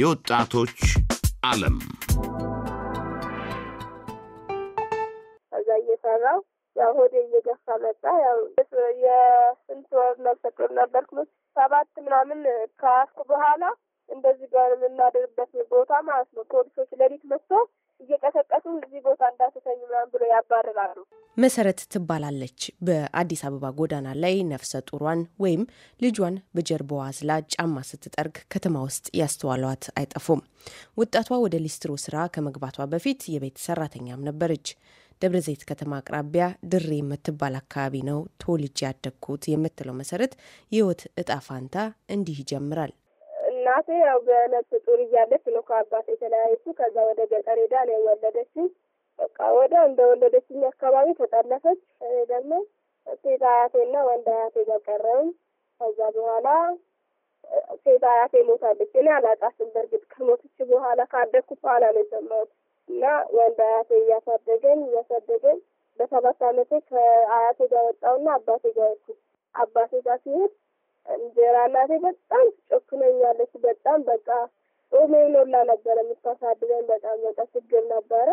የወጣቶች ዓለም እዛ እየሰራው ያው ሆዴ እየገፋ መጣ። ያው የስንት ወር ነፍሰ ጡር ነበርኩ። ሰባት ምናምን ከአስኩ በኋላ እንደዚህ ጋር የምናደርበት ቦታ ማለት ነው። ፖሊሶች ሌሊት መጥቶ እየቀሰቀሱ እዚህ ቦታ እንዳትተኙ ምናምን ብሎ ያባርራሉ። መሰረት ትባላለች። በአዲስ አበባ ጎዳና ላይ ነፍሰ ጡሯን ወይም ልጇን በጀርባዋ አዝላ ጫማ ስትጠርግ ከተማ ውስጥ ያስተዋሏት አይጠፉም። ወጣቷ ወደ ሊስትሮ ስራ ከመግባቷ በፊት የቤት ሰራተኛም ነበረች። ደብረ ዘይት ከተማ አቅራቢያ ድሬ የምትባል አካባቢ ነው ተወልጄ ያደግኩት የምትለው መሰረት የህይወት እጣ ፋንታ እንዲህ ይጀምራል። እናቴ ያው በነፍሰ ጡር እያለች ነው ከአባት የተለያየች። ከዛ ወደ ገጠር ሄዳ ነው የወለደችኝ። በቃ ወደ እንደ እንደወለደችኝ አካባቢ ተጠለፈች። ደግሞ ሴት አያቴና ወንድ አያቴ ጋር ቀረሁኝ። ከዛ በኋላ ሴት አያቴ ሞታለች። እኔ አላውቃትም። በእርግጥ ከሞተች በኋላ ካደግኩ በኋላ ነው የሰማሁት። እና ወንድ አያቴ እያሳደገኝ እያሳደገኝ በሰባት አመቴ ከአያቴ ጋር ወጣሁና አባቴ ጋር ወኩ አባቴ ጋር ሲሄድ እንጀራ እናቴ በጣም ትጮክነኛለች። በጣም በቃ ጾሜ ኖላ ነበረ የምታሳድበን በጣም በቃ ችግር ነበረ።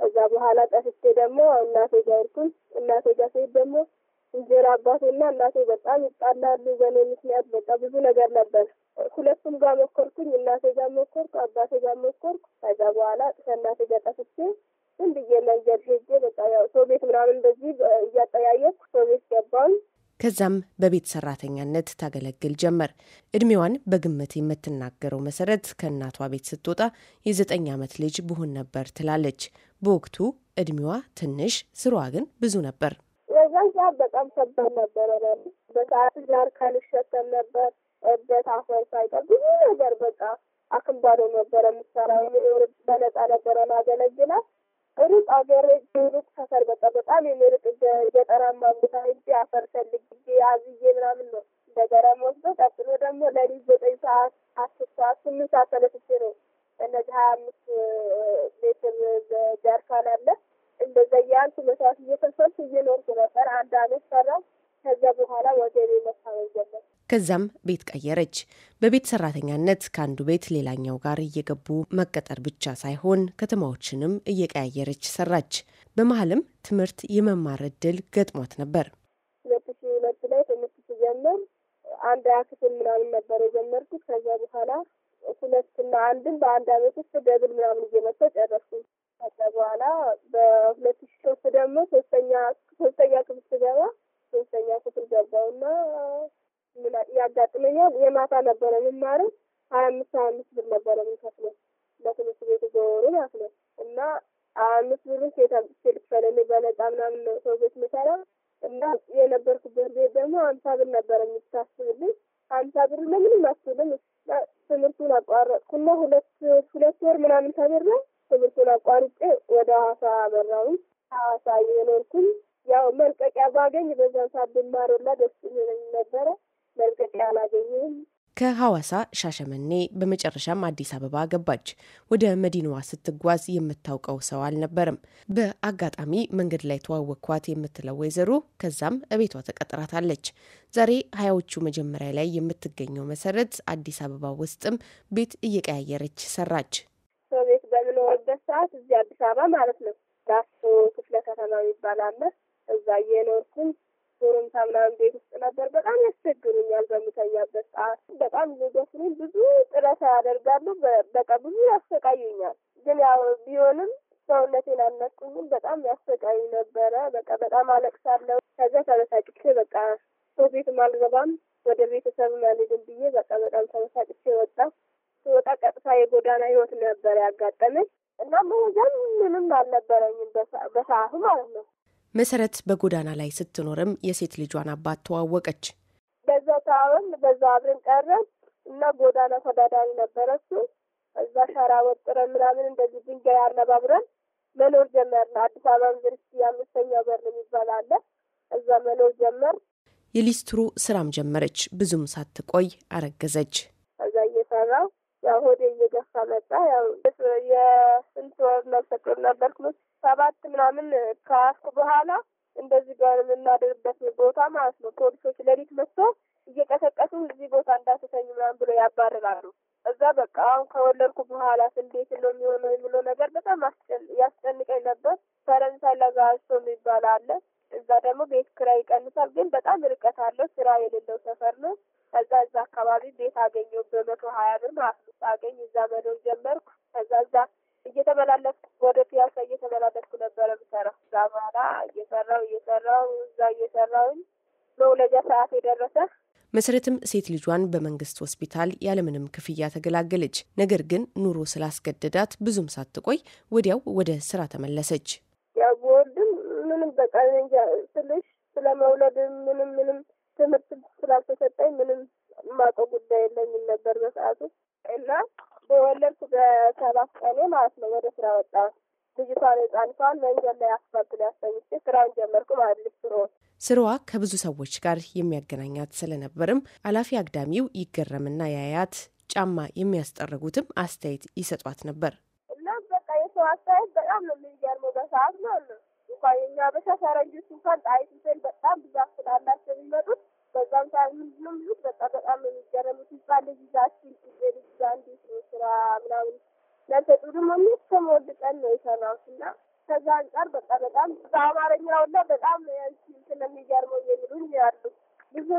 ከዛ በኋላ ጠፍቼ ደግሞ እናቴ ጋር ሄድኩኝ። እናቴ ጋር ስሄድ ደግሞ እንጀራ አባቴና እናቴ በጣም ይጣላሉ። በእኔ ምክንያት በቃ ብዙ ነገር ነበር። ሁለቱም ጋር ሞከርኩኝ። እናቴ ጋር ሞከርኩ፣ አባቴ ጋር ሞከርኩ። ከዛ በኋላ ከእናቴ ጋር ጠፍቼ ዝም ብዬ መንገድ ሄጄ በቃ ያው ሰው ቤት ምናምን በዚህ እያጠያየኩ ሰው ቤት ገባሁኝ። ከዛም በቤት ሰራተኛነት ታገለግል ጀመር። እድሜዋን በግምት የምትናገረው መሰረት ከእናቷ ቤት ስትወጣ የዘጠኝ ዓመት ልጅ ብሆን ነበር ትላለች። በወቅቱ እድሜዋ ትንሽ፣ ስሯ ግን ብዙ ነበር። የዛን ሰዓት በጣም ከባድ ነበረ። በሰዓት ጃርካን ይሸከም ነበር። እበት አፈር ሳይቀር ብዙ ነገር በቃ አክምባዶ ነበረ የምትሰራው። በነጻ ነበረ ማገለግላት ሩቅ ሀገር ሩቅ ሰፈር በቃ በጣም የሚርቅ ገጠራማ ቦታ ሄጄ አፈር ፈልጌ አዝዬ ምናምን ነው እንደገና ወስዶ ቀጥሎ ደግሞ ለሊት ዘጠኝ ሰዓት አስር ሰዓት ስምንት ሰዓት ተለስቼ ነው እነዚህ ሀያ አምስት ሜትር ጃርካን አለ እንደዛ እያልኩ መስዋዕት እየከፈልኩ እየኖርኩ ነበር። አንድ አመት ሰራሁ። ከዛ በኋላ ወገቤ መታመም ጀመር። ከዛም ቤት ቀየረች። በቤት ሰራተኛነት ከአንዱ ቤት ሌላኛው ጋር እየገቡ መቀጠር ብቻ ሳይሆን ከተማዎችንም እየቀያየረች ሰራች። በመሀልም ትምህርት የመማር እድል ገጥሟት ነበር። ሁለት ሺ ሁለት ላይ ትምህርት ስጀምር አንድ ያ ክፍል ምናምን ነበር የጀመርኩት። ከዛ በኋላ ሁለትና አንድን በአንድ አመት ውስጥ ደብል ምናምን እየመሰው ጨረስኩ። ከዛ በኋላ በሁለት ሺ ሶስት ደግሞ ሶስተኛ ሶስተኛ ክፍል ስገባ እና ያጋጥመኛል። የማታ ነበረ የምማረው ሀያ አምስት ሀያ አምስት ብር ነበረ የምንከፍለው ለትምህርት ቤቱ በወሩ ማለት ነው እና አምስት ብሩን ሴልክፈለኒ በነጻ ምናምን ነው ሰው ቤት ምሰራ እና የነበርኩበት ቤት ደግሞ አምሳ ብር ነበረ የምታስብልኝ አምሳ ብር ለምንም አስብልም። ትምህርቱን አቋረጥኩና ሁለት ሁለት ወር ምናምን ተምሬ ትምህርቱን አቋርጬ ወደ ሀዋሳ አበራሁኝ። ሀዋሳ እየኖርኩኝ ያው መልቀቂያ ባገኝ በዛ ሰዓት ብማረላ ደስ ይለኝ ነበረ። መልቀቂያ አላገኘሁም። ከሐዋሳ ሻሸመኔ በመጨረሻም አዲስ አበባ ገባች። ወደ መዲናዋ ስትጓዝ የምታውቀው ሰው አልነበረም። በአጋጣሚ መንገድ ላይ ተዋወቅኳት የምትለው ወይዘሮ ከዛም እቤቷ ተቀጥራታለች። ዛሬ ሀያዎቹ መጀመሪያ ላይ የምትገኘው መሰረት አዲስ አበባ ውስጥም ቤት እየቀያየረች ሰራች። ሰው ቤት በምኖርበት ሰዓት እዚህ አዲስ አበባ ማለት ነው ዳሶ ክፍለ ከተማ ይባላል እዛ እየኖርኩኝ ዶርምታ ምናምን ቤት ውስጥ ነበር። በጣም ያስቸግሩኛል በምተኛበት ሰዓት በጣም ሊደፍሩኝ ብዙ ጥረት ያደርጋሉ። በቃ ብዙ ያሰቃዩኛል። ግን ያው ቢሆንም ሰውነቴን አልነቁኝም። በጣም ያሰቃዩ ነበረ። በቃ በጣም አለቅሳለሁ። ከዚያ ተበሳጭቼ በቃ ሰው ቤት አልገባም፣ ወደ ቤተሰብ መልድን ብዬ በቃ በጣም ተበሳጭቼ ወጣ ስወጣ ቀጥታ የጎዳና ህይወት ነበር ያጋጠመኝ እና መረጃም ምንም አልነበረኝም በሰዓቱ ማለት ነው። መሰረት በጎዳና ላይ ስትኖርም የሴት ልጇን አባት ተዋወቀች። በዛ ተዋወቅን፣ በዛ አብረን ቀረን እና ጎዳና ተዳዳሪ ነበረ እሱ። እዛ ሸራ ወጥረን ምናምን እንደዚህ ድንጋይ አነባብረን መኖር ጀመር። አዲስ አበባ ዩኒቨርሲቲ አምስተኛው በር የሚባል አለ። እዛ መኖር ጀመር። የሊስትሩ ስራም ጀመረች። ብዙም ሳትቆይ አረገዘች። ያው የስንት ወር ነፍሰጡር ነበርኩ ሰባት ምናምን ከአስኩ በኋላ እንደዚህ ጋር የምናደርበት ቦታ ማለት ነው። ፖሊሶች ሌሊት መጥቶ እየቀሰቀሱ እዚህ ቦታ እንዳትተኝ ምናምን ብሎ ያባርራሉ። እዛ በቃ አሁን ከወለድኩ በኋላ እንዴት ነው የሚሆነው የሚለው ነገር በጣም ያስጨንቀኝ ነበር። ፈረንሳይ ለጋሶ የሚባል አለ። እዛ ደግሞ ቤት ኪራይ ይቀንሳል፣ ግን በጣም ርቀት አለው። ስራ የሌለው ሰፈር ነው። ከዛ እዛ አካባቢ ቤት አገኘው በመቶ ሀያ ብር ማለት ነው። አገኝ እዛ መኖር ጀመርኩ። ከዛ እዛ እየተመላለስኩ ወደ ፒያሳ እየተመላለስኩ ነበረ ምሰራው። እዛ በኋላ እየሰራው እየሰራው እዛ እየሰራውኝ መውለጃ ሰዓት የደረሰ መሰረትም ሴት ልጇን በመንግስት ሆስፒታል ያለምንም ክፍያ ተገላገለች። ነገር ግን ኑሮ ስላስገደዳት ብዙም ሳትቆይ ወዲያው ወደ ስራ ተመለሰች። ያው ወንድም ምንም በቃ ስልሽ ስለ ምንም ምንም ትምህርት ስላልተሰጠኝ ምንም የማውቀው ጉዳይ የለኝም ነበር በሰዓቱ እና በወለድኩ በሰባት ቀኔ ማለት ነው ወደ ስራ ወጣ። ልጅቷን ህጻንቷን መንገድ ላይ አስፋልት ላይ አስተኝቼ ስራውን ጀመርኩ ማለት ስሮ ስራዋ ከብዙ ሰዎች ጋር የሚያገናኛት ስለነበርም አላፊ አግዳሚው ይገረምና ያያት ጫማ የሚያስጠረጉትም አስተያየት ይሰጧት ነበር እና በቃ የሰው አስተያየት በጣም ነው የሚገርመው በሰዓት ነው እንኳን የኛ በሻ ፈረንጆች እንኳን ጣይት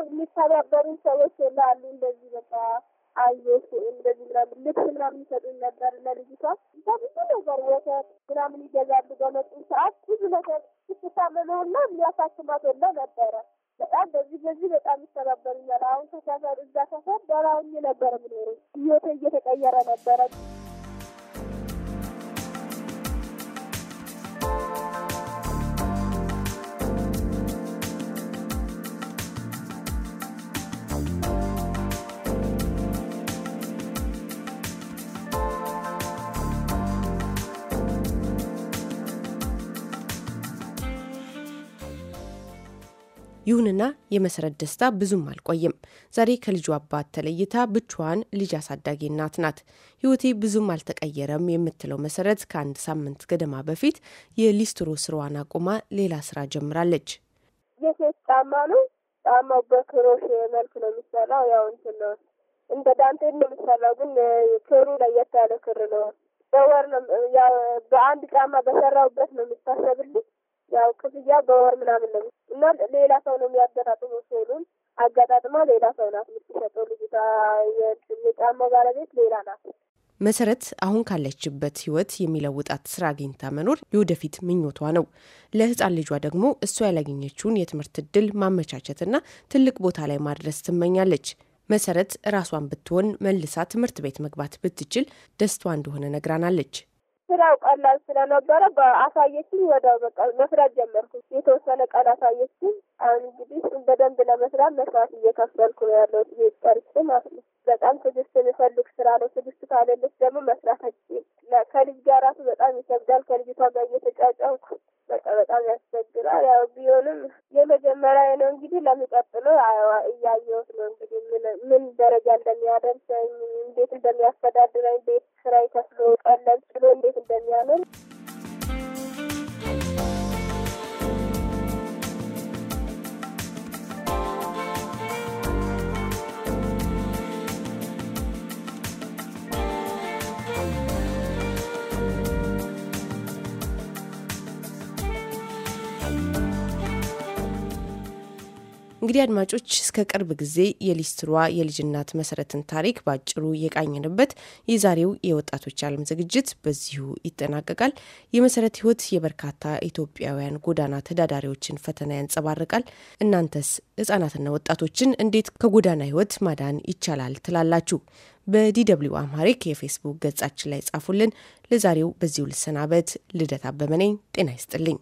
የሚተባበሩ ሰዎች ላሉ እንደዚህ በቃ አይዞሽ እንደዚህ ምናምን ልብስ ምናምን ይሰጡኝ ነበር ለልጅቷ ብቻ ብዙ ነገር ወተት ምናምን ይገዛሉ። በመጡ ሰዓት ብዙ ነገር ስትታመመውና የሚያሳክማት ወላ ነበረ። በጣም በዚህ በዚህ በጣም ይተባበሩኛል። አሁን ከሰፈር እዛ ሰፈር ደራውኝ ነበረ ምኖሩ ህይወቴ እየተቀየረ ነበረ። ይሁንና የመሰረት ደስታ ብዙም አልቆይም። ዛሬ ከልጁ አባት ተለይታ ብቻዋን ልጅ አሳዳጊ እናት ናት። ህይወቴ ብዙም አልተቀየረም የምትለው መሰረት ከአንድ ሳምንት ገደማ በፊት የሊስትሮ ስራዋን አቁማ ሌላ ስራ ጀምራለች። የሴት ጫማ ነው። ጫማው በክሮሽ መልክ ነው የሚሰራው። ያው እንትን ነው እንደ ዳንቴ ነው የሚሰራው፣ ግን ክሩ ለየት ያለ ክር ነው። በወር ነው በአንድ ጫማ በሰራውበት ነው የሚታሰብልኝ። ያው ክፍያ በወር ምናምን ነው እና ሌላ ሰው ነው የሚያገጣጥመው። ሴሉን አጋጣጥማ ሌላ ሰው ናት የምትሸጠው። ልጅቷ የጫማ ባለቤት ሌላ ናት። መሰረት አሁን ካለችበት ህይወት የሚለውጣት ስራ አግኝታ መኖር የወደፊት ምኞቷ ነው። ለህፃን ልጇ ደግሞ እሷ ያላገኘችውን የትምህርት እድል ማመቻቸትና ትልቅ ቦታ ላይ ማድረስ ትመኛለች። መሰረት ራሷን ብትሆን መልሳ ትምህርት ቤት መግባት ብትችል ደስቷ እንደሆነ ነግራናለች። ስራው ቀላል ስለነበረ በአሳየችኝ ወደ በቃ መስራት ጀመርኩ። የተወሰነ ቀን አሳየችኝ። አሁን እንግዲህ በደንብ ለመስራት መስራት እየከፈልኩ ነው ያለው ቤት ጠርቼ ማለት ነው። በጣም ትዕግስት የሚፈልግ ስራ ነው። ትዕግስት ካሌለች ደግሞ መስራት አይችልም። ከልጅ ጋር ራሱ በጣም ይከብዳል። ከልጅቷ ጋር እየተጫጫንኩ በቃ በጣም ያስቸግራል። ያው ቢሆንም የመጀመሪያ ነው እንግዲህ ለሚቀጥለው እያየሁት ነው እንግዲህ ምን ደረጃ እንደሚያደርሰኝ እንዴት እንደሚያስተዳድረኝ ቤት ስራ ይከፍሎ ቀለል ብሎ እንዴት እንደሚያምን እንግዲህ አድማጮች እስከ ቅርብ ጊዜ የሊስትሯ የልጅናት መሰረትን ታሪክ በአጭሩ የቃኘንበት የዛሬው የወጣቶች አለም ዝግጅት በዚሁ ይጠናቀቃል። የመሰረት ህይወት የበርካታ ኢትዮጵያውያን ጎዳና ተዳዳሪዎችን ፈተና ያንጸባርቃል። እናንተስ ህጻናትና ወጣቶችን እንዴት ከጎዳና ህይወት ማዳን ይቻላል ትላላችሁ? በዲደብሊው አማሪክ የፌስቡክ ገጻችን ላይ ጻፉልን። ለዛሬው በዚሁ ልሰናበት። ልደት አበመነኝ ጤና ይስጥልኝ።